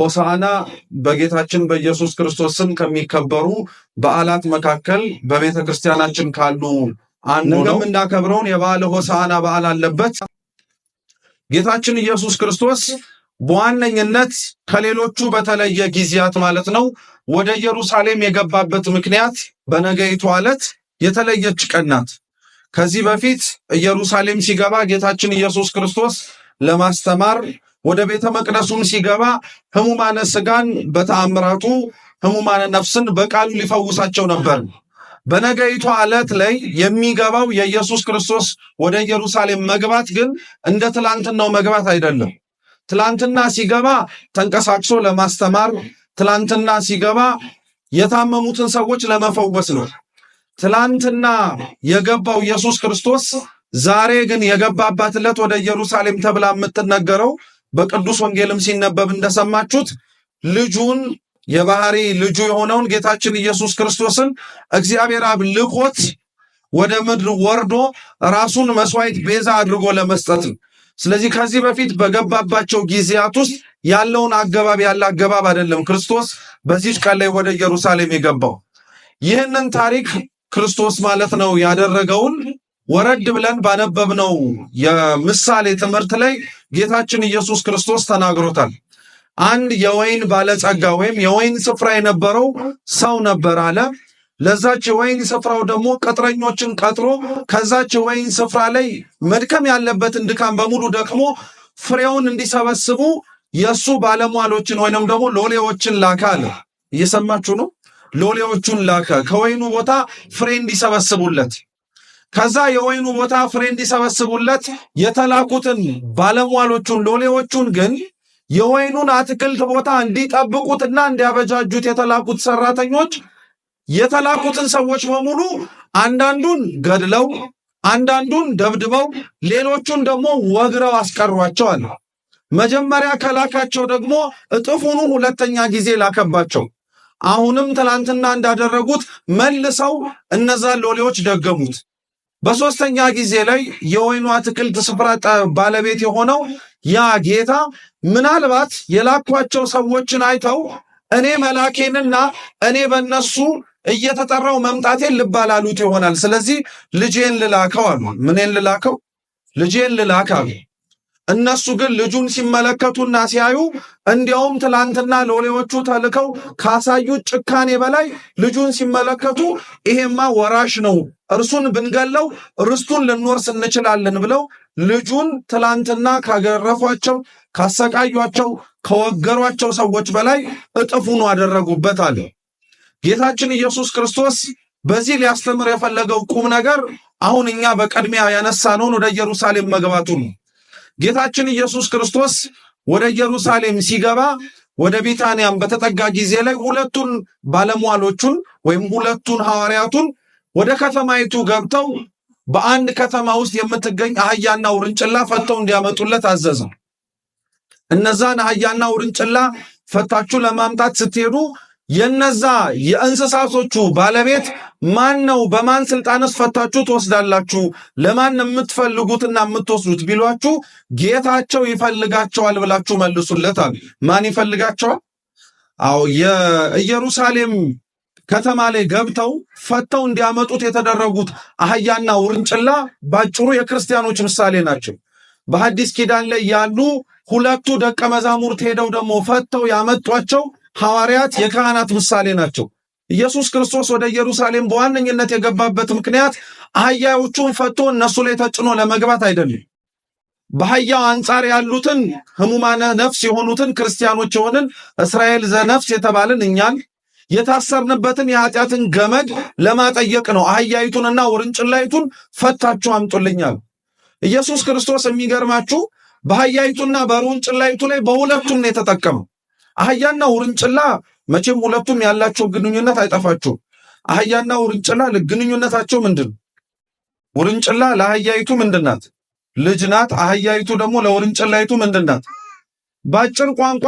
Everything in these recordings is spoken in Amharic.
ሆሳና በጌታችን በኢየሱስ ክርስቶስ ስም ከሚከበሩ በዓላት መካከል በቤተ ክርስቲያናችን ካሉ አንዱ ነው። የምናከብረውን የበዓለ ሆሳና በዓል አለበት። ጌታችን ኢየሱስ ክርስቶስ በዋነኝነት ከሌሎቹ በተለየ ጊዜያት ማለት ነው ወደ ኢየሩሳሌም የገባበት ምክንያት በነገይቱ ዕለት የተለየች ቀን ናት። ከዚህ በፊት ኢየሩሳሌም ሲገባ ጌታችን ኢየሱስ ክርስቶስ ለማስተማር ወደ ቤተ መቅደሱም ሲገባ ህሙማነ ስጋን በተአምራቱ ህሙማነ ነፍስን በቃሉ ሊፈውሳቸው ነበር። በነገይቱ ዕለት ላይ የሚገባው የኢየሱስ ክርስቶስ ወደ ኢየሩሳሌም መግባት ግን እንደ ትላንትናው መግባት አይደለም። ትላንትና ሲገባ ተንቀሳቅሶ ለማስተማር፣ ትላንትና ሲገባ የታመሙትን ሰዎች ለመፈወስ ነው። ትላንትና የገባው ኢየሱስ ክርስቶስ ዛሬ ግን የገባባት ዕለት ወደ ኢየሩሳሌም ተብላ የምትነገረው በቅዱስ ወንጌልም ሲነበብ እንደሰማችሁት ልጁን የባህሪ ልጁ የሆነውን ጌታችን ኢየሱስ ክርስቶስን እግዚአብሔር አብ ልኮት ወደ ምድር ወርዶ ራሱን መስዋዕት ቤዛ አድርጎ ለመስጠት ነው። ስለዚህ ከዚህ በፊት በገባባቸው ጊዜያት ውስጥ ያለውን አገባብ ያለ አገባብ አይደለም። ክርስቶስ በዚች ቀን ላይ ወደ ኢየሩሳሌም የገባው ይህንን ታሪክ ክርስቶስ ማለት ነው ያደረገውን ወረድ ብለን ባነበብነው የምሳሌ ትምህርት ላይ ጌታችን ኢየሱስ ክርስቶስ ተናግሮታል። አንድ የወይን ባለጸጋ ወይም የወይን ስፍራ የነበረው ሰው ነበር አለ። ለዛች የወይን ስፍራው ደግሞ ቅጥረኞችን ቀጥሮ ከዛች የወይን ስፍራ ላይ መድከም ያለበትን ድካም በሙሉ ደክሞ ፍሬውን እንዲሰበስቡ የእሱ ባለሟሎችን ወይንም ደግሞ ሎሌዎችን ላከ አለ። እየሰማችሁ ነው። ሎሌዎቹን ላከ ከወይኑ ቦታ ፍሬ እንዲሰበስቡለት ከዛ የወይኑ ቦታ ፍሬ እንዲሰበስቡለት የተላኩትን ባለሟሎቹን ሎሌዎቹን ግን የወይኑን አትክልት ቦታ እንዲጠብቁትና እንዲያበጃጁት የተላኩት ሰራተኞች የተላኩትን ሰዎች በሙሉ አንዳንዱን ገድለው አንዳንዱን ደብድበው ሌሎቹን ደግሞ ወግረው አስቀሯቸዋል። መጀመሪያ ከላካቸው ደግሞ እጥፉኑ ሁለተኛ ጊዜ ላከባቸው። አሁንም ትላንትና እንዳደረጉት መልሰው እነዛን ሎሌዎች ደገሙት። በሶስተኛ ጊዜ ላይ የወይኑ አትክልት ስፍራ ባለቤት የሆነው ያ ጌታ ምናልባት የላኳቸው ሰዎችን አይተው እኔ መላኬንና እኔ በእነሱ እየተጠራው መምጣቴን ልባላሉት ይሆናል። ስለዚህ ልጄን ልላከው አሉ። ምንን ልላከው? ልጄን ልላክ አሉ። እነሱ ግን ልጁን ሲመለከቱና ሲያዩ እንዲያውም ትላንትና ሎሌዎቹ ተልከው ካሳዩት ጭካኔ በላይ ልጁን ሲመለከቱ ይሄማ ወራሽ ነው፣ እርሱን ብንገለው ርስቱን ልንወርስ እንችላለን ብለው ልጁን ትላንትና ካገረፏቸው፣ ካሰቃዩቸው፣ ከወገሯቸው ሰዎች በላይ እጥፉኑ አደረጉበት አለ። ጌታችን ኢየሱስ ክርስቶስ በዚህ ሊያስተምር የፈለገው ቁም ነገር አሁን እኛ በቅድሚያ ያነሳነውን ወደ ኢየሩሳሌም መግባቱ ነው። ጌታችን ኢየሱስ ክርስቶስ ወደ ኢየሩሳሌም ሲገባ ወደ ቢታንያም በተጠጋ ጊዜ ላይ ሁለቱን ባለሟሎቹን ወይም ሁለቱን ሐዋርያቱን ወደ ከተማይቱ ገብተው በአንድ ከተማ ውስጥ የምትገኝ አህያና ውርንጭላ ፈተው እንዲያመጡለት አዘዘው። እነዛን አህያና ውርንጭላ ፈታችሁ ለማምጣት ስትሄዱ የነዛ የእንስሳቶቹ ባለቤት ማን ነው? በማን ስልጣንስ ፈታችሁ ትወስዳላችሁ? ለማን የምትፈልጉትና የምትወስዱት ቢሏችሁ ጌታቸው ይፈልጋቸዋል ብላችሁ መልሱለታል። ማን ይፈልጋቸዋል? አዎ የኢየሩሳሌም ከተማ ላይ ገብተው ፈተው እንዲያመጡት የተደረጉት አህያና ውርንጭላ ባጭሩ የክርስቲያኖች ምሳሌ ናቸው። በሐዲስ ኪዳን ላይ ያሉ ሁለቱ ደቀ መዛሙርት ሄደው ደግሞ ፈተው ያመጧቸው ሐዋርያት የካህናት ምሳሌ ናቸው። ኢየሱስ ክርስቶስ ወደ ኢየሩሳሌም በዋነኝነት የገባበት ምክንያት አህያዎቹን ፈቶ እነሱ ላይ ተጭኖ ለመግባት አይደለም። በአህያው አንጻር ያሉትን ሕሙማነ ነፍስ የሆኑትን ክርስቲያኖች የሆንን እስራኤል ዘነፍስ የተባልን እኛን የታሰርንበትን የኃጢአትን ገመድ ለማጠየቅ ነው። አህያይቱንና ውርንጭላይቱን ፈታችሁ አምጡልኛል። ኢየሱስ ክርስቶስ የሚገርማችሁ በአህያይቱና በውርንጭላይቱ ላይ በሁለቱም ነው የተጠቀመው። አህያና ውርንጭላ መቼም ሁለቱም ያላቸው ግንኙነት አይጠፋቸውም። አህያና ውርንጭላ ግንኙነታቸው ምንድን ነው? ውርንጭላ ለአህያይቱ ምንድን ናት? ልጅ ናት። አህያይቱ ደግሞ ለውርንጭላይቱ ምንድናት? በአጭር ቋንቋ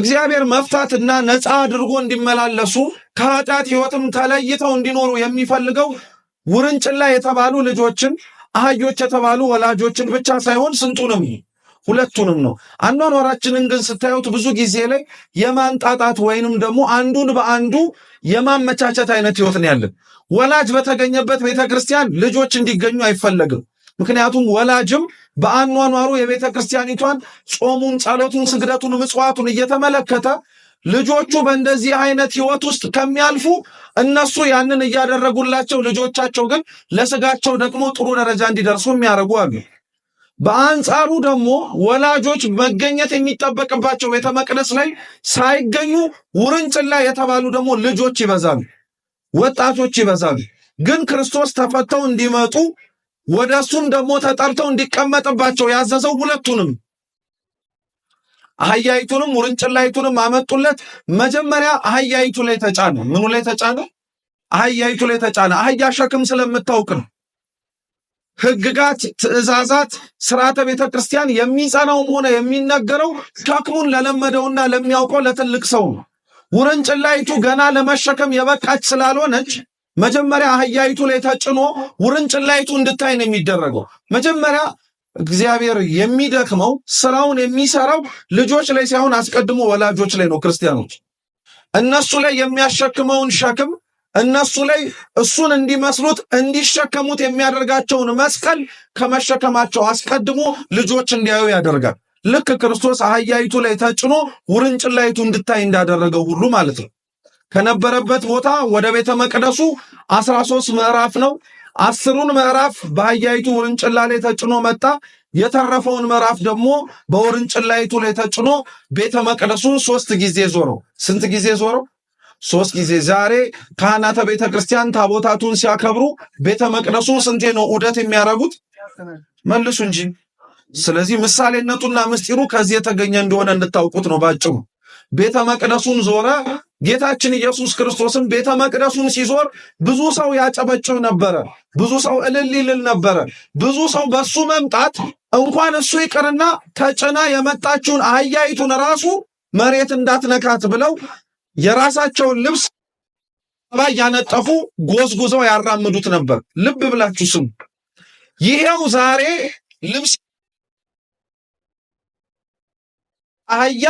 እግዚአብሔር መፍታትና ነፃ አድርጎ እንዲመላለሱ ከኃጢአት ህይወትም ተለይተው እንዲኖሩ የሚፈልገው ውርንጭላ የተባሉ ልጆችን፣ አህዮች የተባሉ ወላጆችን ብቻ ሳይሆን ስንጡንም ሁለቱንም ነው። አኗኗራችንን ግን ስታዩት ብዙ ጊዜ ላይ የማንጣጣት ወይንም ደግሞ አንዱን በአንዱ የማመቻቸት አይነት ህይወት ነው ያለን። ወላጅ በተገኘበት ቤተ ክርስቲያን ልጆች እንዲገኙ አይፈለግም። ምክንያቱም ወላጅም በአኗኗሩ የቤተ ክርስቲያኒቷን ጾሙን፣ ጸሎቱን፣ ስግደቱን፣ ምጽዋቱን እየተመለከተ ልጆቹ በእንደዚህ አይነት ህይወት ውስጥ ከሚያልፉ እነሱ ያንን እያደረጉላቸው ልጆቻቸው ግን ለስጋቸው ደግሞ ጥሩ ደረጃ እንዲደርሱ የሚያደርጉ አሉ። በአንጻሩ ደግሞ ወላጆች መገኘት የሚጠበቅባቸው ቤተ መቅደስ ላይ ሳይገኙ ውርንጭላ የተባሉ ደግሞ ልጆች ይበዛሉ፣ ወጣቶች ይበዛሉ። ግን ክርስቶስ ተፈተው እንዲመጡ ወደ እሱም ደግሞ ተጠርተው እንዲቀመጥባቸው ያዘዘው ሁለቱንም አህያይቱንም ውርንጭላይቱንም አመጡለት። መጀመሪያ አህያይቱ ላይ ተጫነ። ምኑ ላይ ተጫነ? አህያይቱ ላይ ተጫነ። አህያ ሸክም ስለምታውቅ ነው። ህግጋት፣ ትእዛዛት፣ ስርዓተ ቤተ ክርስቲያን የሚጸናውም ሆነ የሚነገረው ሸክሙን ለለመደውና ለሚያውቀው ለትልቅ ሰው ነው። ውርንጭላይቱ ገና ለመሸከም የበቃች ስላልሆነች መጀመሪያ አህያይቱ ላይ ተጭኖ ውርንጭላይቱ እንድታይ ነው የሚደረገው። መጀመሪያ እግዚአብሔር የሚደክመው ስራውን የሚሰራው ልጆች ላይ ሳይሆን አስቀድሞ ወላጆች ላይ ነው። ክርስቲያኖች እነሱ ላይ የሚያሸክመውን ሸክም እነሱ ላይ እሱን እንዲመስሉት እንዲሸከሙት የሚያደርጋቸውን መስቀል ከመሸከማቸው አስቀድሞ ልጆች እንዲያዩ ያደርጋል። ልክ ክርስቶስ አህያይቱ ላይ ተጭኖ ውርንጭላይቱ እንድታይ እንዳደረገው ሁሉ ማለት ነው። ከነበረበት ቦታ ወደ ቤተ መቅደሱ 13 ምዕራፍ ነው። አስሩን ምዕራፍ በአህያይቱ ውርንጭላ ላይ ተጭኖ መጣ። የተረፈውን ምዕራፍ ደግሞ በውርንጭላይቱ ላይ ተጭኖ ቤተ መቅደሱን ሶስት ጊዜ ዞረው። ስንት ጊዜ ዞረው? ሶስት ጊዜ። ዛሬ ካህናተ ቤተ ክርስቲያን ታቦታቱን ሲያከብሩ ቤተ መቅደሱ ስንቴ ነው ዑደት የሚያደርጉት? መልሱ እንጂ። ስለዚህ ምሳሌነቱና ምስጢሩ ከዚህ የተገኘ እንደሆነ እንድታውቁት ነው ባጭሩ። ቤተ መቅደሱን ዞረ። ጌታችን ኢየሱስ ክርስቶስም ቤተ መቅደሱን ሲዞር ብዙ ሰው ያጨበጭብ ነበረ፣ ብዙ ሰው እልል ይልል ነበረ። ብዙ ሰው በሱ መምጣት እንኳን እሱ ይቅርና ተጭና የመጣችውን አህያይቱን ራሱ መሬት እንዳትነካት ብለው የራሳቸውን ልብስ እያነጠፉ ጎዝጉዘው ያራምዱት ነበር። ልብ ብላችሁ ስሙ። ይሄው ዛሬ ልብስ አህያ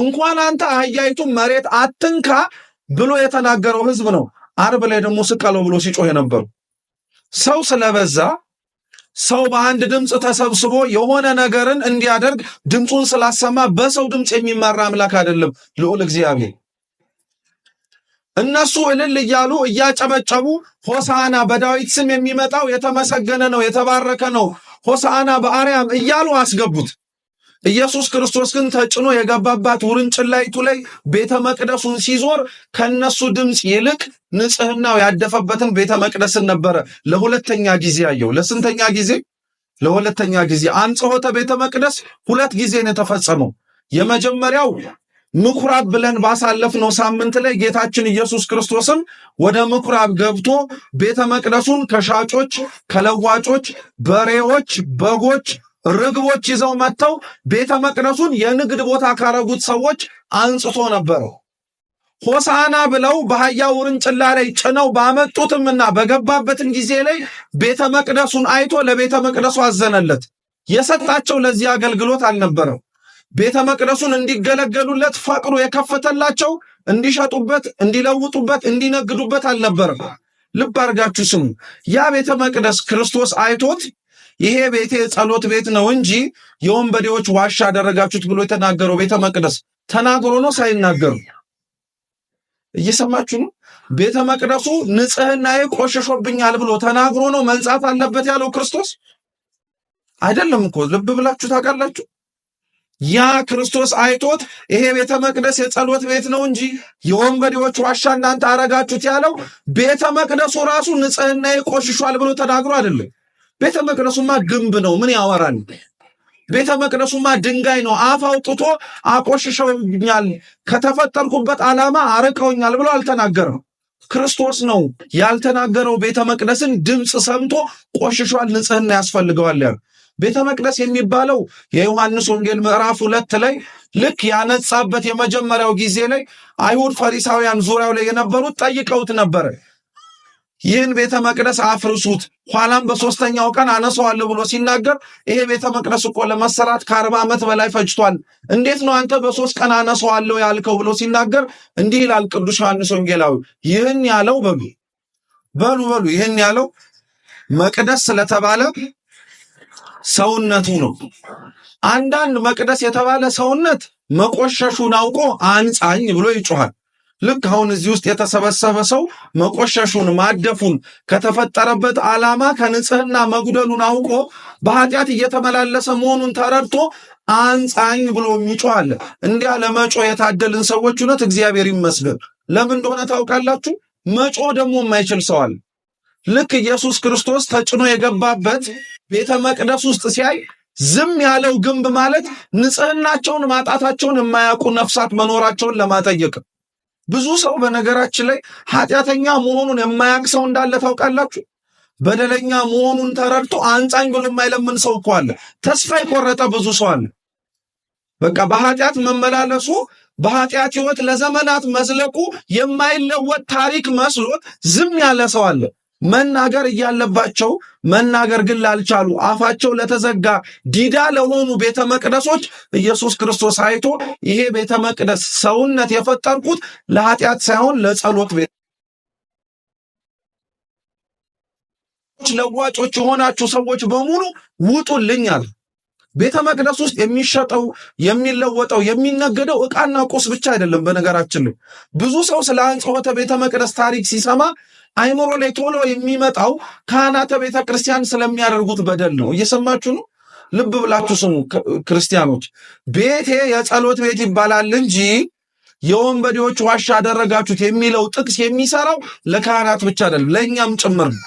እንኳን አንተ አህያይቱ መሬት አትንካ ብሎ የተናገረው ህዝብ ነው። አርብ ላይ ደግሞ ስቀለው ብሎ ሲጮህ የነበሩ ሰው ስለበዛ ሰው በአንድ ድምፅ ተሰብስቦ የሆነ ነገርን እንዲያደርግ ድምፁን ስላሰማ በሰው ድምፅ የሚመራ አምላክ አይደለም ልዑል እግዚአብሔር። እነሱ እልል እያሉ እያጨበጨቡ ሆሳና በዳዊት ስም የሚመጣው የተመሰገነ ነው የተባረከ ነው ሆሳና በአርያም እያሉ አስገቡት። ኢየሱስ ክርስቶስ ግን ተጭኖ የገባባት ውርንጭላይቱ ላይ ቤተ መቅደሱን ሲዞር ከነሱ ድምፅ ይልቅ ንጽህናው ያደፈበትን ቤተ መቅደስን ነበረ ለሁለተኛ ጊዜ አየው። ለስንተኛ ጊዜ? ለሁለተኛ ጊዜ። አንጽሖተ ቤተ መቅደስ ሁለት ጊዜ ነው የተፈጸመው። የመጀመሪያው ምኩራብ ብለን ባሳለፍነው ሳምንት ላይ ጌታችን ኢየሱስ ክርስቶስም ወደ ምኩራብ ገብቶ ቤተ መቅደሱን ከሻጮች፣ ከለዋጮች፣ በሬዎች፣ በጎች፣ ርግቦች ይዘው መጥተው ቤተ መቅደሱን የንግድ ቦታ ካረጉት ሰዎች አንጽቶ ነበረው። ሆሳና ብለው በአህያ ውርንጭላ ላይ ጭነው ባመጡትምና በገባበትም ጊዜ ላይ ቤተ መቅደሱን አይቶ ለቤተ መቅደሱ አዘነለት። የሰጣቸው ለዚህ አገልግሎት አልነበረው። ቤተ መቅደሱን እንዲገለገሉለት ፈቅዶ የከፈተላቸው እንዲሸጡበት፣ እንዲለውጡበት፣ እንዲነግዱበት አልነበረም። ልብ አድርጋችሁ ስሙ። ያ ቤተ መቅደስ ክርስቶስ አይቶት ይሄ ቤቴ ጸሎት ቤት ነው እንጂ የወንበዴዎች ዋሻ አደረጋችሁት ብሎ የተናገረው ቤተ መቅደስ ተናግሮ ነው ሳይናገሩ እየሰማችሁ ነው። ቤተ መቅደሱ ንጽህናዬ ቆሸሾብኛል ብሎ ተናግሮ ነው መንጻት አለበት ያለው ክርስቶስ አይደለም እኮ። ልብ ብላችሁ ታውቃላችሁ። ያ ክርስቶስ አይቶት ይሄ ቤተ መቅደስ የጸሎት ቤት ነው እንጂ የወንበዴዎች ዋሻ እናንተ አረጋችሁት ያለው ቤተ መቅደሱ ራሱ ንጽህና ይቆሽሿል ብሎ ተናግሮ አይደለም። ቤተ መቅደሱማ ግንብ ነው፣ ምን ያወራል? ቤተ መቅደሱማ ድንጋይ ነው። አፍ አውጥቶ አቆሽሸውኛል፣ ከተፈጠርኩበት ዓላማ አርቀውኛል ብሎ አልተናገረም። ክርስቶስ ነው ያልተናገረው። ቤተ መቅደስን ድምፅ ሰምቶ ቆሽሿል፣ ንጽህና ያስፈልገዋል ያለ ቤተ መቅደስ የሚባለው የዮሐንስ ወንጌል ምዕራፍ ሁለት ላይ ልክ ያነጻበት የመጀመሪያው ጊዜ ላይ አይሁድ ፈሪሳውያን ዙሪያው ላይ የነበሩት ጠይቀውት ነበረ። ይህን ቤተ መቅደስ አፍርሱት፣ ኋላም በሶስተኛው ቀን አነሰዋለሁ ብሎ ሲናገር ይሄ ቤተ መቅደስ እኮ ለመሰራት ከአርባ ዓመት በላይ ፈጅቷል፣ እንዴት ነው አንተ በሶስት ቀን አነሰዋለሁ ያልከው ብሎ ሲናገር እንዲህ ይላል ቅዱስ ዮሐንስ ወንጌላዊ። ይህን ያለው በሉ በሉ በሉ ይህን ያለው መቅደስ ስለተባለ ሰውነቱ ነው። አንዳንድ መቅደስ የተባለ ሰውነት መቆሸሹን አውቆ አንጻኝ ብሎ ይጮኋል። ልክ አሁን እዚህ ውስጥ የተሰበሰበ ሰው መቆሸሹን ማደፉን ከተፈጠረበት ዓላማ ከንጽህና መጉደሉን አውቆ በኃጢአት እየተመላለሰ መሆኑን ተረድቶ አንጻኝ ብሎ የሚጮህ እንዲያ ለመጮ የታደልን ሰዎች እውነት እግዚአብሔር ይመስገን። ለምን እንደሆነ ታውቃላችሁ? መጮ ደግሞ የማይችል ሰው አለ። ልክ ኢየሱስ ክርስቶስ ተጭኖ የገባበት ቤተ መቅደስ ውስጥ ሲያይ ዝም ያለው ግንብ ማለት ንጽህናቸውን ማጣታቸውን የማያውቁ ነፍሳት መኖራቸውን ለማጠየቅ ብዙ ሰው በነገራችን ላይ ኃጢአተኛ መሆኑን የማያውቅ ሰው እንዳለ ታውቃላችሁ። በደለኛ መሆኑን ተረድቶ አንጻኝ ብሎ የማይለምን ሰው እኮ አለ። ተስፋ የቆረጠ ብዙ ሰው አለ። በቃ በኃጢአት መመላለሱ በኃጢአት ህይወት ለዘመናት መዝለቁ የማይለወጥ ታሪክ መስሎት ዝም ያለ ሰው አለ። መናገር እያለባቸው መናገር ግን ላልቻሉ አፋቸው ለተዘጋ ዲዳ ለሆኑ ቤተ መቅደሶች ኢየሱስ ክርስቶስ አይቶ ይሄ ቤተ መቅደስ ሰውነት የፈጠርኩት ለኃጢአት ሳይሆን ለጸሎት ቤት ለዋጮች የሆናችሁ ሰዎች በሙሉ ውጡልኛል። ቤተ መቅደስ ውስጥ የሚሸጠው የሚለወጠው የሚነገደው እቃና ቁስ ብቻ አይደለም። በነገራችን ላይ ብዙ ሰው ስለ አንጽሖተ ቤተ መቅደስ ታሪክ ሲሰማ አይምሮ ላይ ቶሎ የሚመጣው ካህናተ ቤተ ክርስቲያን ስለሚያደርጉት በደል ነው። እየሰማችሁ ነው። ልብ ብላችሁ ስሙ ክርስቲያኖች። ቤቴ የጸሎት ቤት ይባላል እንጂ የወንበዴዎች ዋሻ አደረጋችሁት የሚለው ጥቅስ የሚሰራው ለካህናት ብቻ አይደለም፣ ለእኛም ጭምር ነው።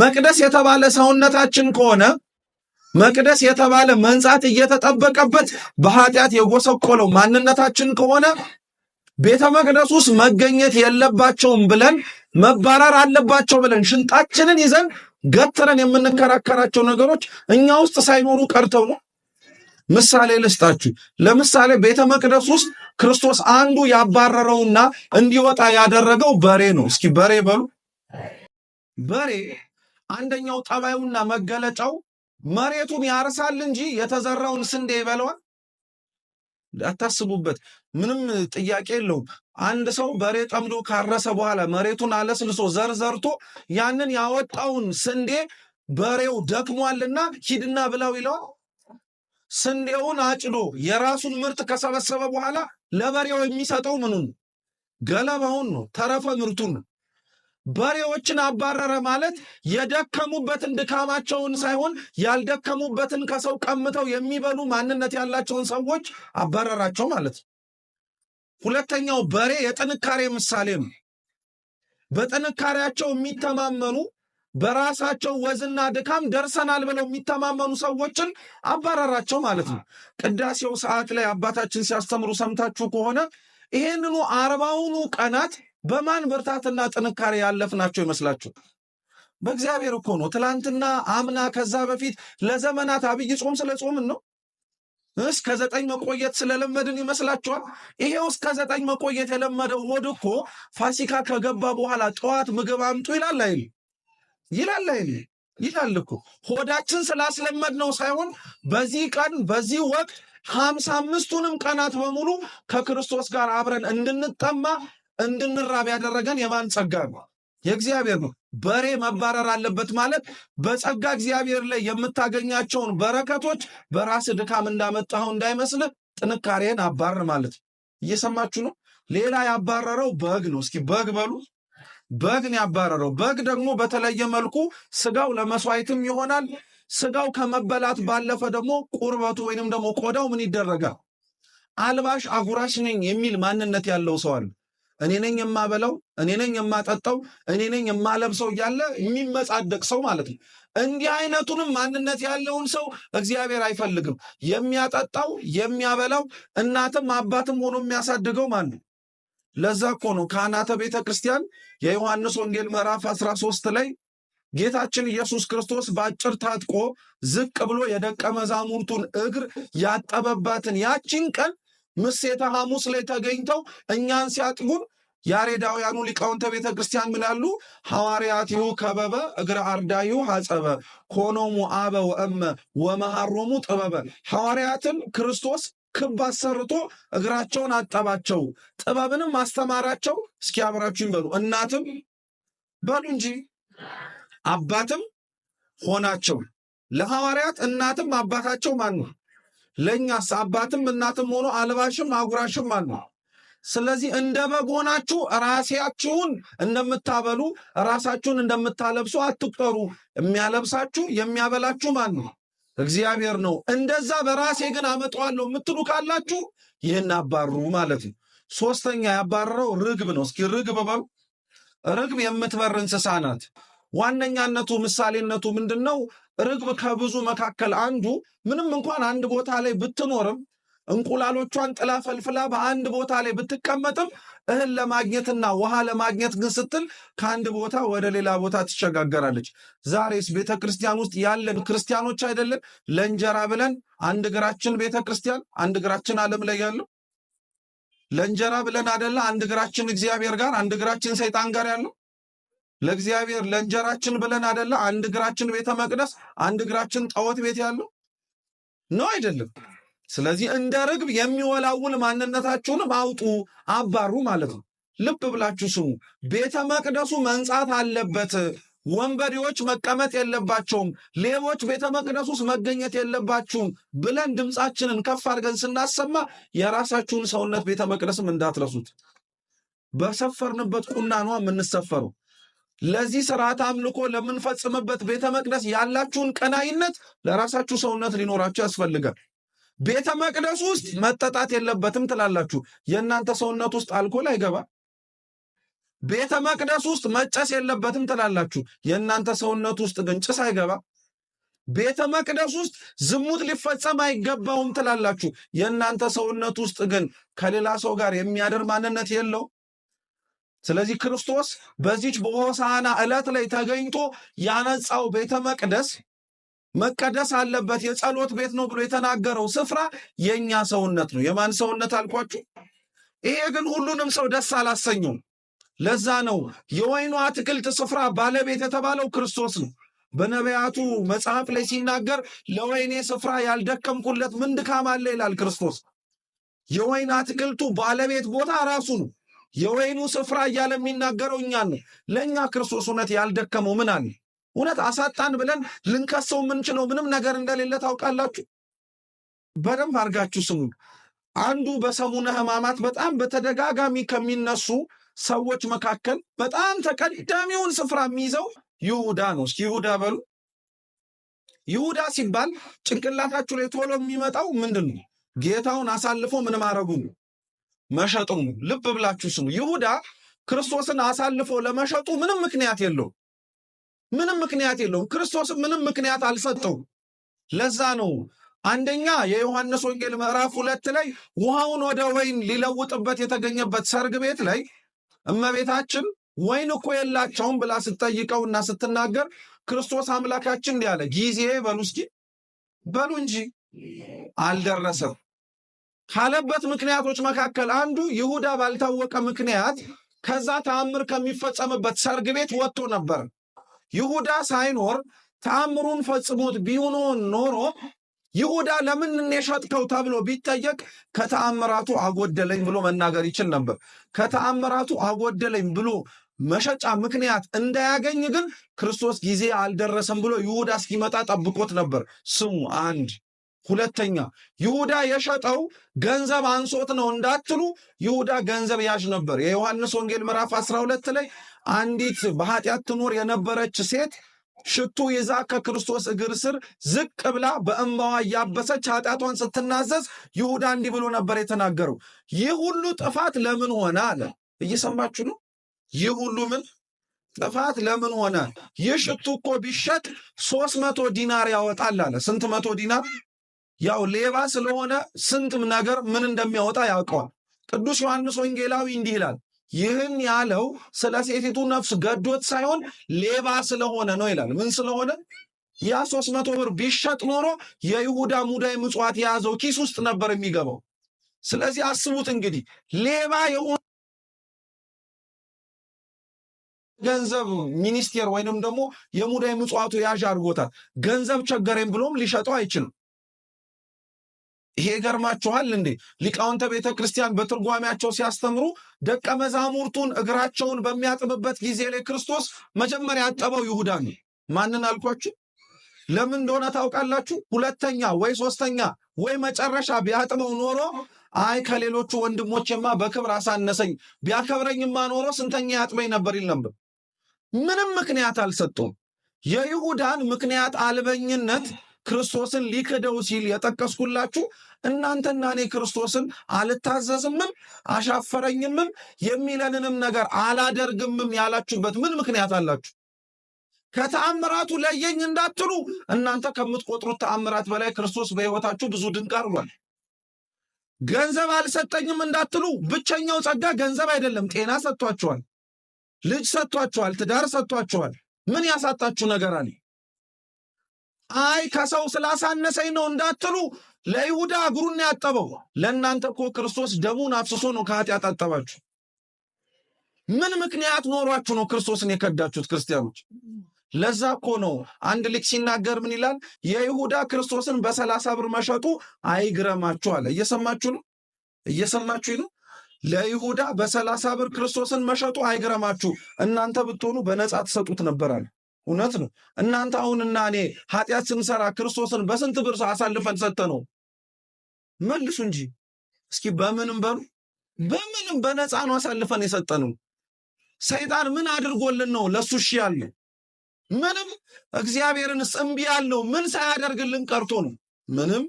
መቅደስ የተባለ ሰውነታችን ከሆነ መቅደስ የተባለ መንጻት እየተጠበቀበት በኃጢአት የጎሰቆለው ማንነታችን ከሆነ ቤተ መቅደስ ውስጥ መገኘት የለባቸውም ብለን መባረር አለባቸው ብለን ሽንጣችንን ይዘን ገትረን የምንከራከራቸው ነገሮች እኛ ውስጥ ሳይኖሩ ቀርተው ነው። ምሳሌ ልስጣችሁ። ለምሳሌ ቤተ መቅደስ ውስጥ ክርስቶስ አንዱ ያባረረውና እንዲወጣ ያደረገው በሬ ነው። እስኪ በሬ በሉ። በሬ አንደኛው ጠባዩና መገለጫው መሬቱን ያርሳል እንጂ የተዘራውን ስንዴ ይበለዋል። አታስቡበት። ምንም ጥያቄ የለውም። አንድ ሰው በሬ ጠምዶ ካረሰ በኋላ መሬቱን አለስልሶ ዘር ዘርቶ ያንን ያወጣውን ስንዴ በሬው ደክሟልና ሂድና ብላው ይለዋል። ስንዴውን አጭዶ የራሱን ምርት ከሰበሰበ በኋላ ለበሬው የሚሰጠው ምኑን ገለባውን ነው፣ ተረፈ ምርቱን ነው። በሬዎችን አባረረ ማለት የደከሙበትን ድካማቸውን ሳይሆን ያልደከሙበትን ከሰው ቀምተው የሚበሉ ማንነት ያላቸውን ሰዎች አባረራቸው ማለት ነው። ሁለተኛው በሬ የጥንካሬ ነው። በጥንካሬያቸው የሚተማመኑ በራሳቸው ወዝና ድካም ደርሰናል ብለው የሚተማመኑ ሰዎችን አባረራቸው ማለት ነው። ቅዳሴው ሰዓት ላይ አባታችን ሲያስተምሩ ሰምታችሁ ከሆነ ይህንኑ አርባውኑ ቀናት በማን ብርታትና ጥንካሬ ያለፍናቸው ይመስላችሁ? በእግዚአብሔር እኮ ነው። ትላንትና፣ አምና፣ ከዛ በፊት ለዘመናት አብይ ጾም ስለ ጾምን ነው። እስከ ዘጠኝ መቆየት ስለለመድን ይመስላችኋል? ይሄው እስከ ዘጠኝ መቆየት የለመደው ሆድ እኮ ፋሲካ ከገባ በኋላ ጠዋት ምግብ አምጡ ይላል አይል ይላል አይል ይላል እኮ ሆዳችን ስላስለመድ ነው ሳይሆን በዚህ ቀን በዚህ ወቅት ሀምሳ አምስቱንም ቀናት በሙሉ ከክርስቶስ ጋር አብረን እንድንጠማ እንድንራብ ያደረገን የማን ጸጋ ነው? የእግዚአብሔር ነው። በሬ መባረር አለበት ማለት በጸጋ እግዚአብሔር ላይ የምታገኛቸውን በረከቶች በራስ ድካም እንዳመጣኸው እንዳይመስልህ ጥንካሬን አባር ማለት ነው። እየሰማችሁ ነው። ሌላ ያባረረው በግ ነው። እስኪ በግ በሉ። በግን ያባረረው በግ ደግሞ በተለየ መልኩ ስጋው ለመስዋዕትም ይሆናል። ስጋው ከመበላት ባለፈ ደግሞ ቁርበቱ ወይንም ደግሞ ቆዳው ምን ይደረጋል? አልባሽ አጉራሽ ነኝ የሚል ማንነት ያለው ሰው አለ። እኔ ነኝ የማበላው፣ እኔ ነኝ የማጠጣው፣ እኔ ነኝ የማለብሰው እያለ የሚመጻደቅ ሰው ማለት ነው። እንዲህ አይነቱንም ማንነት ያለውን ሰው እግዚአብሔር አይፈልግም። የሚያጠጣው የሚያበላው እናትም አባትም ሆኖ የሚያሳድገው ማን ነው? ለዛ እኮ ነው ካህናተ ቤተ ክርስቲያን የዮሐንስ ወንጌል ምዕራፍ 13 ላይ ጌታችን ኢየሱስ ክርስቶስ በአጭር ታጥቆ ዝቅ ብሎ የደቀ መዛሙርቱን እግር ያጠበባትን ያቺን ቀን ምሴተ ሐሙስ ላይ ተገኝተው እኛን ሲያጥቡን ያሬዳውያኑ ሊቃውንተ ቤተ ክርስቲያን ምናሉ? ሐዋርያቲሁ ከበበ እግረ አርዳይሁ ሐጸበ ኮኖሙ አበ ወእመ ወመሐሮሙ ጥበበ። ሐዋርያትን ክርስቶስ ክብ አሰርቶ እግራቸውን አጠባቸው፣ ጥበብንም አስተማራቸው። እስኪ አብራችሁ በሉ እናትም በሉ እንጂ አባትም ሆናቸው። ለሐዋርያት እናትም አባታቸው ማን ነው? ለእኛስ አባትም እናትም ሆኖ አልባሽም አጉራሽም ማን ነው? ስለዚህ እንደ በግ ሆናችሁ ራሴያችሁን እንደምታበሉ ራሳችሁን እንደምታለብሱ አትቁጠሩ። የሚያለብሳችሁ የሚያበላችሁ ማን ነው? እግዚአብሔር ነው። እንደዛ በራሴ ግን አመጣዋለሁ የምትሉ ካላችሁ ይህን አባሩ ማለት ነው። ሶስተኛ ያባረረው ርግብ ነው። እስኪ ርግብ በሉ። ርግብ የምትበር እንስሳ ናት። ዋነኛነቱ ምሳሌነቱ ምንድን ነው? ርግብ ከብዙ መካከል አንዱ ምንም እንኳን አንድ ቦታ ላይ ብትኖርም እንቁላሎቿን ጥላ ፈልፍላ በአንድ ቦታ ላይ ብትቀመጥም እህል ለማግኘትና ውሃ ለማግኘት ግን ስትል ከአንድ ቦታ ወደ ሌላ ቦታ ትሸጋገራለች። ዛሬስ ቤተ ክርስቲያን ውስጥ ያለን ክርስቲያኖች አይደለን? ለእንጀራ ብለን አንድ እግራችን ቤተ ክርስቲያን፣ አንድ እግራችን ዓለም ላይ ያለው ለእንጀራ ብለን አደለ? አንድ እግራችን እግዚአብሔር ጋር፣ አንድ እግራችን ሰይጣን ጋር ያለው ለእግዚአብሔር ለእንጀራችን ብለን አደለ? አንድ እግራችን ቤተ መቅደስ፣ አንድ እግራችን ጣዖት ቤት ያለው ነው አይደለም? ስለዚህ እንደ ርግብ የሚወላውል ማንነታችሁንም አውጡ፣ አባሩ ማለት ነው። ልብ ብላችሁ ስሙ። ቤተ መቅደሱ መንጻት አለበት። ወንበዴዎች መቀመጥ የለባቸውም፣ ሌቦች ቤተ መቅደስ ውስጥ መገኘት የለባችሁም ብለን ድምፃችንን ከፍ አድርገን ስናሰማ የራሳችሁን ሰውነት ቤተ መቅደስም እንዳትረሱት። በሰፈርንበት ቁና ነው የምንሰፈረው። ለዚህ ስርዓት አምልኮ ለምንፈጽምበት ቤተ መቅደስ ያላችሁን ቀናይነት ለራሳችሁ ሰውነት ሊኖራችሁ ያስፈልጋል። ቤተ መቅደስ ውስጥ መጠጣት የለበትም ትላላችሁ። የእናንተ ሰውነት ውስጥ አልኮል አይገባ። ቤተ መቅደስ ውስጥ መጨስ የለበትም ትላላችሁ። የእናንተ ሰውነት ውስጥ ግን ጭስ አይገባ። ቤተ መቅደስ ውስጥ ዝሙት ሊፈጸም አይገባውም ትላላችሁ። የእናንተ ሰውነት ውስጥ ግን ከሌላ ሰው ጋር የሚያደር ማንነት የለው። ስለዚህ ክርስቶስ በዚች በሆሳና ዕለት ላይ ተገኝቶ ያነጻው ቤተ መቅደስ መቀደስ አለበት የጸሎት ቤት ነው ብሎ የተናገረው ስፍራ የእኛ ሰውነት ነው። የማን ሰውነት አልኳችሁ? ይሄ ግን ሁሉንም ሰው ደስ አላሰኘውም። ለዛ ነው የወይኑ አትክልት ስፍራ ባለቤት የተባለው ክርስቶስ ነው። በነቢያቱ መጽሐፍ ላይ ሲናገር ለወይኔ ስፍራ ያልደከምኩለት ምን ድካም አለ ይላል ክርስቶስ። የወይን አትክልቱ ባለቤት ቦታ ራሱ ነው። የወይኑ ስፍራ እያለ የሚናገረው እኛን ነው። ለእኛ ክርስቶስ እውነት ያልደከመው ምን አለ? እውነት አሳጣን ብለን ልንከሰው የምንችለው ምንም ነገር እንደሌለ ታውቃላችሁ። በደንብ አድርጋችሁ ስሙ። አንዱ በሰሙነ ሕማማት በጣም በተደጋጋሚ ከሚነሱ ሰዎች መካከል በጣም ተቀዳሚውን ስፍራ የሚይዘው ይሁዳ ነው። ይሁዳ በሉ። ይሁዳ ሲባል ጭንቅላታችሁ ላይ ቶሎ የሚመጣው ምንድን ነው? ጌታውን አሳልፎ ምን ማድረጉ ነው? መሸጡ ነው። ልብ ብላችሁ ስሙ። ይሁዳ ክርስቶስን አሳልፎ ለመሸጡ ምንም ምክንያት የለውም። ምንም ምክንያት የለውም። ክርስቶስም ምንም ምክንያት አልሰጠውም። ለዛ ነው አንደኛ የዮሐንስ ወንጌል ምዕራፍ ሁለት ላይ ውሃውን ወደ ወይን ሊለውጥበት የተገኘበት ሰርግ ቤት ላይ እመቤታችን ወይን እኮ የላቸውም ብላ እና ስትናገር ክርስቶስ አምላካችን እንዲህ አለ፣ ጊዜ በሉ እስኪ በሉ እንጂ አልደረሰም ካለበት ምክንያቶች መካከል አንዱ ይሁዳ ባልታወቀ ምክንያት ከዛ ተአምር ከሚፈጸምበት ሰርግ ቤት ወጥቶ ነበር። ይሁዳ ሳይኖር ተአምሩን ፈጽሞት ቢሆን ኖሮ ይሁዳ ለምን የሸጥከው ተብሎ ቢጠየቅ ከተአምራቱ አጎደለኝ ብሎ መናገር ይችል ነበር። ከተአምራቱ አጎደለኝ ብሎ መሸጫ ምክንያት እንዳያገኝ ግን ክርስቶስ ጊዜ አልደረሰም ብሎ ይሁዳ እስኪመጣ ጠብቆት ነበር። ስሙ አንድ ሁለተኛ ይሁዳ የሸጠው ገንዘብ አንሶት ነው እንዳትሉ፣ ይሁዳ ገንዘብ ያዥ ነበር። የዮሐንስ ወንጌል ምዕራፍ 12 ላይ አንዲት በኃጢአት ትኖር የነበረች ሴት ሽቱ ይዛ ከክርስቶስ እግር ስር ዝቅ ብላ በእንባዋ እያበሰች ኃጢአቷን ስትናዘዝ ይሁዳ እንዲህ ብሎ ነበር የተናገረው፣ ይህ ሁሉ ጥፋት ለምን ሆነ አለ። እየሰማችሁ ነው። ይህ ሁሉ ምን ጥፋት ለምን ሆነ? ይህ ሽቱ እኮ ቢሸጥ ሶስት መቶ ዲናር ያወጣል አለ። ስንት መቶ ዲናር ያው ሌባ ስለሆነ ስንትም ነገር ምን እንደሚያወጣ ያውቀዋል። ቅዱስ ዮሐንስ ወንጌላዊ እንዲህ ይላል፣ ይህን ያለው ስለ ሴቲቱ ነፍስ ገዶት ሳይሆን ሌባ ስለሆነ ነው ይላል። ምን ስለሆነ? ያ ሶስት መቶ ብር ቢሸጥ ኖሮ የይሁዳ ሙዳይ ምጽዋት የያዘው ኪስ ውስጥ ነበር የሚገባው። ስለዚህ አስቡት እንግዲህ ሌባ የሆነ ገንዘብ ሚኒስቴር ወይንም ደግሞ የሙዳይ ምጽዋቱ ያዥ አድርጎታል። ገንዘብ ቸገረኝ ብሎም ሊሸጠው አይችልም። ይሄ ገርማችኋል እንዴ? ሊቃውንተ ቤተ ክርስቲያን በትርጓሚያቸው ሲያስተምሩ ደቀ መዛሙርቱን እግራቸውን በሚያጥብበት ጊዜ ላይ ክርስቶስ መጀመሪያ ያጠበው ይሁዳን ማንን አልኳችሁ? ለምን እንደሆነ ታውቃላችሁ? ሁለተኛ ወይ ሶስተኛ ወይ መጨረሻ ቢያጥበው ኖሮ አይ ከሌሎቹ ወንድሞቼማ በክብር አሳነሰኝ፣ ቢያከብረኝማ ኖሮ ስንተኛ ያጥበኝ ነበር ይል ነበር። ምንም ምክንያት አልሰጡም። የይሁዳን ምክንያት አልበኝነት ክርስቶስን ሊክደው ሲል የጠቀስኩላችሁ እናንተና እኔ ክርስቶስን አልታዘዝምም አሻፈረኝምም የሚለንንም ነገር አላደርግምም ያላችሁበት ምን ምክንያት አላችሁ? ከተአምራቱ ለየኝ እንዳትሉ እናንተ ከምትቆጥሩት ተአምራት በላይ ክርስቶስ በሕይወታችሁ ብዙ ድንቅ አድርጓል። ገንዘብ አልሰጠኝም እንዳትሉ ብቸኛው ጸጋ ገንዘብ አይደለም። ጤና ሰጥቷችኋል፣ ልጅ ሰጥቷችኋል፣ ትዳር ሰጥቷችኋል። ምን ያሳጣችሁ ነገር አለ? አይ ከሰው ስላሳነሰኝ ነው እንዳትሉ፣ ለይሁዳ እግሩን ያጠበው ለእናንተ እኮ ክርስቶስ ደሙን አፍስሶ ነው ከኃጢአት አጠባችሁ። ምን ምክንያት ኖሯችሁ ነው ክርስቶስን የከዳችሁት ክርስቲያኖች? ለዛ እኮ ነው አንድ ልክ ሲናገር ምን ይላል? የይሁዳ ክርስቶስን በሰላሳ ብር መሸጡ አይግረማችሁ አለ። እየሰማችሁ ነው? እየሰማችሁ ነው? ለይሁዳ በሰላሳ ብር ክርስቶስን መሸጡ አይግረማችሁ፣ እናንተ ብትሆኑ በነፃ ትሰጡት ነበር አለ። እውነት ነው። እናንተ አሁንና እኔ ኃጢአት ስንሰራ ክርስቶስን በስንት ብር አሳልፈን ሰጥተ ነው? መልሱ እንጂ እስኪ በምንም በሉ በምንም በነፃ ነው አሳልፈን የሰጠነው። ሰይጣን ምን አድርጎልን ነው ለሱ እሺ ያልነው? ምንም እግዚአብሔርን እምቢ ያልነው ምን ሳያደርግልን ቀርቶ ነው? ምንም።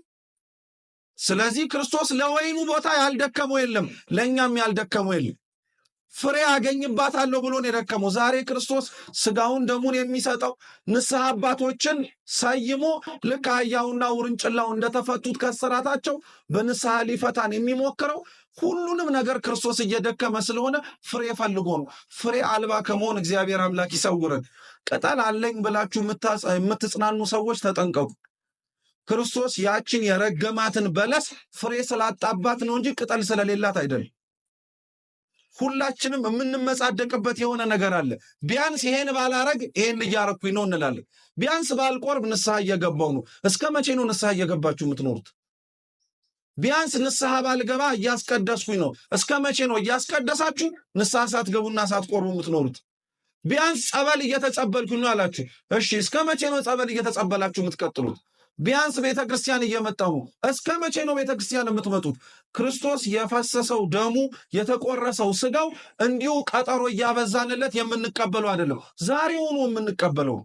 ስለዚህ ክርስቶስ ለወይኑ ቦታ ያልደከመው የለም፣ ለእኛም ያልደከመው የለም። ፍሬ አገኝባታለሁ ብሎን የደከመው። ዛሬ ክርስቶስ ስጋውን ደሙን የሚሰጠው ንስሐ አባቶችን ሰይሞ ልክ አህያውና ውርንጭላው እንደተፈቱት ከስራታቸው በንስሐ ሊፈታን የሚሞክረው ሁሉንም ነገር ክርስቶስ እየደከመ ስለሆነ ፍሬ ፈልጎ ነው። ፍሬ አልባ ከመሆን እግዚአብሔር አምላክ ይሰውረን። ቅጠል አለኝ ብላችሁ የምትጽናኑ ሰዎች ተጠንቀቁ። ክርስቶስ ያችን የረገማትን በለስ ፍሬ ስላጣባት ነው እንጂ ቅጠል ስለሌላት አይደለም። ሁላችንም የምንመጻደቅበት የሆነ ነገር አለ። ቢያንስ ይሄን ባላረግ ይሄን እያረኩኝ ነው እንላለን። ቢያንስ ባልቆርብ ንስሐ እየገባው ነው። እስከ መቼ ነው ንስሐ እየገባችሁ የምትኖሩት? ቢያንስ ንስሐ ባልገባ እያስቀደስኩኝ ነው። እስከ መቼ ነው እያስቀደሳችሁ ንስሐ ሳትገቡና ሳትቆርቡ የምትኖሩት? ቢያንስ ጸበል እየተጸበልኩኝ ነው አላችሁ። እሺ፣ እስከ መቼ ነው ጸበል እየተጸበላችሁ የምትቀጥሉት? ቢያንስ ቤተ ክርስቲያን እየመጣሁ እስከ መቼ ነው ቤተ ክርስቲያን የምትመጡት? ክርስቶስ የፈሰሰው ደሙ የተቆረሰው ስጋው እንዲሁ ቀጠሮ እያበዛንለት የምንቀበለው አይደለም። ዛሬውኑ የምንቀበለው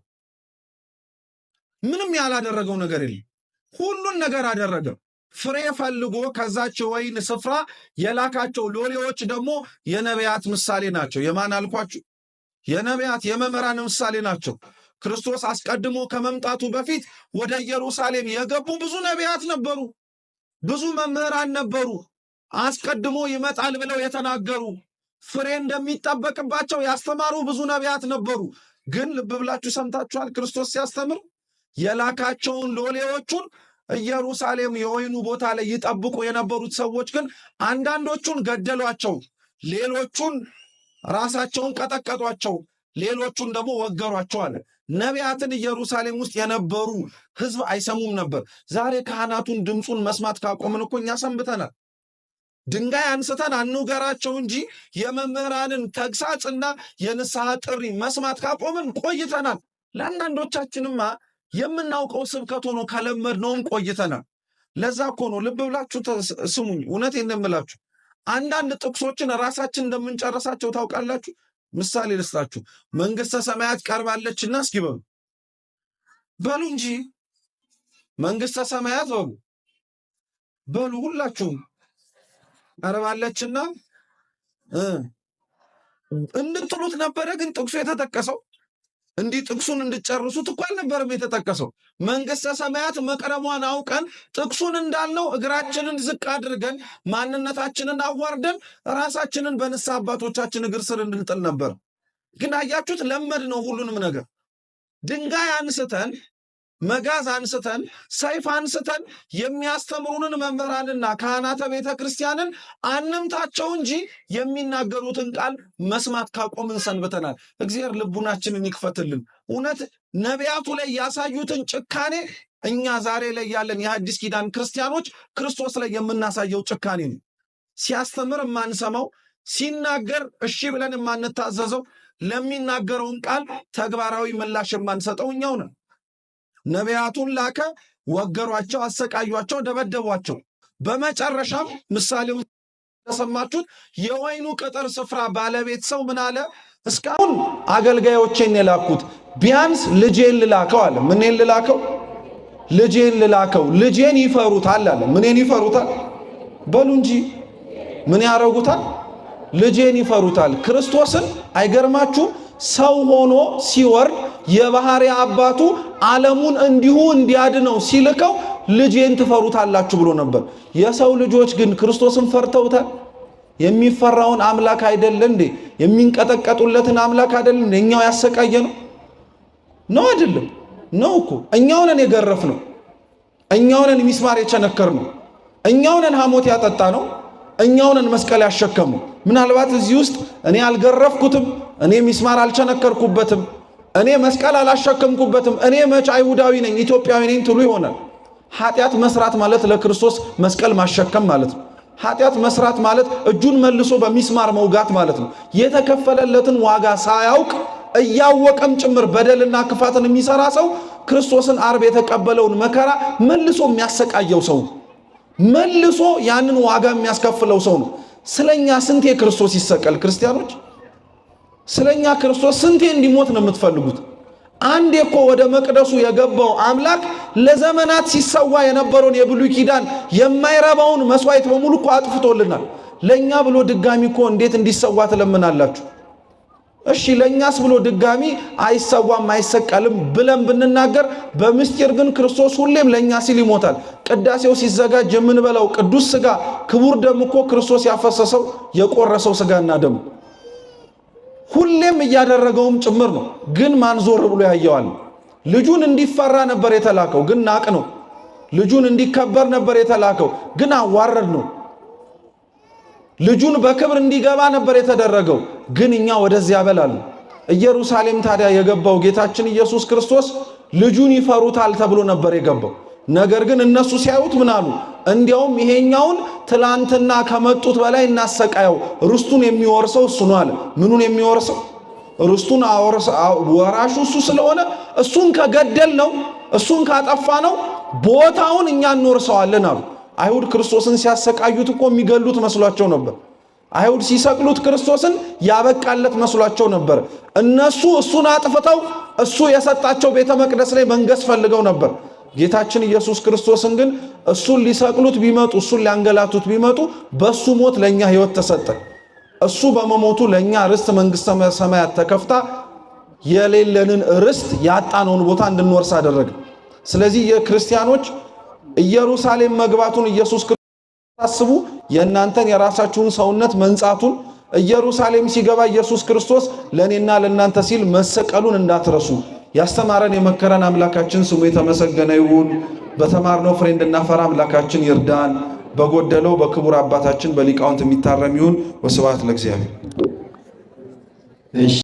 ምንም ያላደረገው ነገር የለም። ሁሉን ነገር አደረገ። ፍሬ ፈልጎ ከዛች ወይን ስፍራ የላካቸው ሎሌዎች ደግሞ የነቢያት ምሳሌ ናቸው። የማን አልኳችሁ? የነቢያት የመምህራን ምሳሌ ናቸው። ክርስቶስ አስቀድሞ ከመምጣቱ በፊት ወደ ኢየሩሳሌም የገቡ ብዙ ነቢያት ነበሩ፣ ብዙ መምህራን ነበሩ። አስቀድሞ ይመጣል ብለው የተናገሩ ፍሬ እንደሚጠበቅባቸው ያስተማሩ ብዙ ነቢያት ነበሩ። ግን ልብ ብላችሁ ሰምታችኋል። ክርስቶስ ሲያስተምር የላካቸውን ሎሌዎቹን ኢየሩሳሌም የወይኑ ቦታ ላይ ይጠብቁ የነበሩት ሰዎች ግን አንዳንዶቹን ገደሏቸው፣ ሌሎቹን ራሳቸውን ቀጠቀጧቸው፣ ሌሎቹን ደግሞ ወገሯቸው አለ። ነቢያትን ኢየሩሳሌም ውስጥ የነበሩ ህዝብ አይሰሙም ነበር። ዛሬ ካህናቱን ድምፁን መስማት ካቆምን እኮ እኛ ሰንብተናል። ድንጋይ አንስተን አንውገራቸው እንጂ የመምህራንን ተግሳጽና የንስሐ ጥሪ መስማት ካቆምን ቆይተናል። ለአንዳንዶቻችንማ የምናውቀው ስብከት ሆኖ ከለመድነውም ቆይተናል። ለዛ እኮ ነው ልብ ብላችሁ ስሙኝ፣ እውነቴን ነው የምላችሁ። አንዳንድ ጥቅሶችን ራሳችን እንደምንጨርሳቸው ታውቃላችሁ። ምሳሌ ልስጣችሁ። መንግስተ ሰማያት ቀርባለችና እስኪ በሉ በሉ እንጂ መንግስተ ሰማያት በሉ በሉ ሁላችሁም ቀርባለችና እንድትሉት ነበረ። ግን ጥቅሱ የተጠቀሰው እንዲህ ጥቅሱን እንድጨርሱት እኮ አልነበረም የተጠቀሰው። መንግስተ ሰማያት መቅረቧን አውቀን ጥቅሱን እንዳልነው እግራችንን ዝቅ አድርገን ማንነታችንን አዋርደን ራሳችንን በንስሐ አባቶቻችን እግር ስር እንድንጥል ነበር። ግን አያችሁት፣ ለመድ ነው ሁሉንም ነገር ድንጋይ አንስተን መጋዝ አንስተን ሰይፍ አንስተን የሚያስተምሩንን መምህራንና ካህናተ ቤተ ክርስቲያንን አንምታቸው እንጂ የሚናገሩትን ቃል መስማት ካቆምን ሰንብተናል። እግዚአብሔር ልቡናችንን ይክፈትልን። እውነት ነቢያቱ ላይ ያሳዩትን ጭካኔ እኛ ዛሬ ላይ ያለን የአዲስ ኪዳን ክርስቲያኖች ክርስቶስ ላይ የምናሳየው ጭካኔ ነው። ሲያስተምር የማንሰማው ሲናገር እሺ ብለን የማንታዘዘው ለሚናገረውን ቃል ተግባራዊ ምላሽ የማንሰጠው እኛው ነን። ነቢያቱን ላከ። ወገሯቸው፣ አሰቃዩቸው፣ ደበደቧቸው። በመጨረሻም ምሳሌው ተሰማችሁት። የወይኑ ቅጥር ስፍራ ባለቤት ሰው ምን አለ? እስካሁን አገልጋዮቼን የላኩት ቢያንስ ልጄን ልላከው አለ። ምንን ልላከው? ልጄን ልላከው። ልጄን ይፈሩታል አለ። ምንን ይፈሩታል? በሉ እንጂ ምን ያረጉታል? ልጄን ይፈሩታል። ክርስቶስን አይገርማችሁም? ሰው ሆኖ ሲወርድ የባህሪ አባቱ ዓለሙን እንዲሁ እንዲያድነው ሲልከው ልጄን ትፈሩታላችሁ ብሎ ነበር። የሰው ልጆች ግን ክርስቶስን ፈርተውታል። የሚፈራውን አምላክ አይደለ እንዴ? የሚንቀጠቀጡለትን አምላክ አይደለ እንዴ? እኛው ያሰቃየ ነው ነው አይደለም? ነው እኮ እኛው ነን የገረፍ ነው። እኛው ነን ሚስማር የቸነከር ነው። እኛው ነን ሐሞት ያጠጣ ነው። እኛው ነን መስቀል ያሸከሙ። ምናልባት እዚህ ውስጥ እኔ አልገረፍኩትም፣ እኔ ሚስማር አልቸነከርኩበትም እኔ መስቀል አላሸከምኩበትም፣ እኔ መች አይሁዳዊ ነኝ ኢትዮጵያዊ ነኝ ትሉ ይሆናል። ኃጢአት መስራት ማለት ለክርስቶስ መስቀል ማሸከም ማለት ነው። ኃጢአት መስራት ማለት እጁን መልሶ በሚስማር መውጋት ማለት ነው። የተከፈለለትን ዋጋ ሳያውቅ እያወቀም ጭምር በደልና ክፋትን የሚሰራ ሰው ክርስቶስን አርብ የተቀበለውን መከራ መልሶ የሚያሰቃየው ሰው ነው። መልሶ ያንን ዋጋ የሚያስከፍለው ሰው ነው። ስለኛ ስንት የክርስቶስ ይሰቀል ክርስቲያኖች ስለኛ ክርስቶስ ስንቴ እንዲሞት ነው የምትፈልጉት? አንዴ እኮ ወደ መቅደሱ የገባው አምላክ ለዘመናት ሲሰዋ የነበረውን የብሉይ ኪዳን የማይረባውን መስዋዕት በሙሉ እኮ አጥፍቶልናል። ለእኛ ብሎ ድጋሚ እኮ እንዴት እንዲሰዋ ትለምናላችሁ? እሺ ለእኛስ ብሎ ድጋሚ አይሰዋም አይሰቀልም ብለን ብንናገር፣ በምስጢር ግን ክርስቶስ ሁሌም ለእኛ ሲል ይሞታል። ቅዳሴው ሲዘጋጅ የምንበላው ቅዱስ ስጋ ክቡር ደም እኮ ክርስቶስ ያፈሰሰው የቆረሰው ስጋና ደም ሁሌም እያደረገውም ጭምር ነው። ግን ማን ዞር ብሎ ያየዋል? ልጁን እንዲፈራ ነበር የተላከው፣ ግን ናቅ ነው። ልጁን እንዲከበር ነበር የተላከው፣ ግን አዋረድ ነው። ልጁን በክብር እንዲገባ ነበር የተደረገው፣ ግን እኛ ወደዚያ ያበላል። ኢየሩሳሌም ታዲያ የገባው ጌታችን ኢየሱስ ክርስቶስ ልጁን ይፈሩታል ተብሎ ነበር የገባው። ነገር ግን እነሱ ሲያዩት ምን አሉ? እንዲያውም ይሄኛውን ትላንትና ከመጡት በላይ እናሰቃየው፣ ርስቱን የሚወርሰው እሱ ነው አለ። ምኑን የሚወርሰው? ርስቱን ወራሹ እሱ ስለሆነ እሱን ከገደል ነው እሱን ካጠፋ ነው ቦታውን እኛ እንወርሰዋለን አሉ። አይሁድ ክርስቶስን ሲያሰቃዩት እኮ የሚገሉት መስሏቸው ነበር። አይሁድ ሲሰቅሉት ክርስቶስን ያበቃለት መስሏቸው ነበር። እነሱ እሱን አጥፍተው እሱ የሰጣቸው ቤተ መቅደስ ላይ መንገስ ፈልገው ነበር። ጌታችን ኢየሱስ ክርስቶስን ግን እሱን ሊሰቅሉት ቢመጡ እሱን ሊያንገላቱት ቢመጡ በሱ ሞት ለኛ ህይወት ተሰጠ። እሱ በመሞቱ ለኛ ርስት መንግስተ ሰማያት ተከፍታ የሌለንን ርስት ያጣነውን ቦታ እንድንወርስ አደረገ። ስለዚህ የክርስቲያኖች ኢየሩሳሌም መግባቱን ኢየሱስ ክርስቶስ አስቡ። የእናንተን የራሳችሁን ሰውነት መንጻቱን ኢየሩሳሌም ሲገባ ኢየሱስ ክርስቶስ ለእኔና ለእናንተ ሲል መሰቀሉን እንዳትረሱ። ያስተማረን የመከረን አምላካችን ስሙ የተመሰገነ ይሁን። በተማርነው ፍሬ እንድናፈራ አምላካችን ይርዳን። በጎደለው በክቡር አባታችን በሊቃውንት የሚታረም ይሁን። ወስብሐት ለእግዚአብሔር።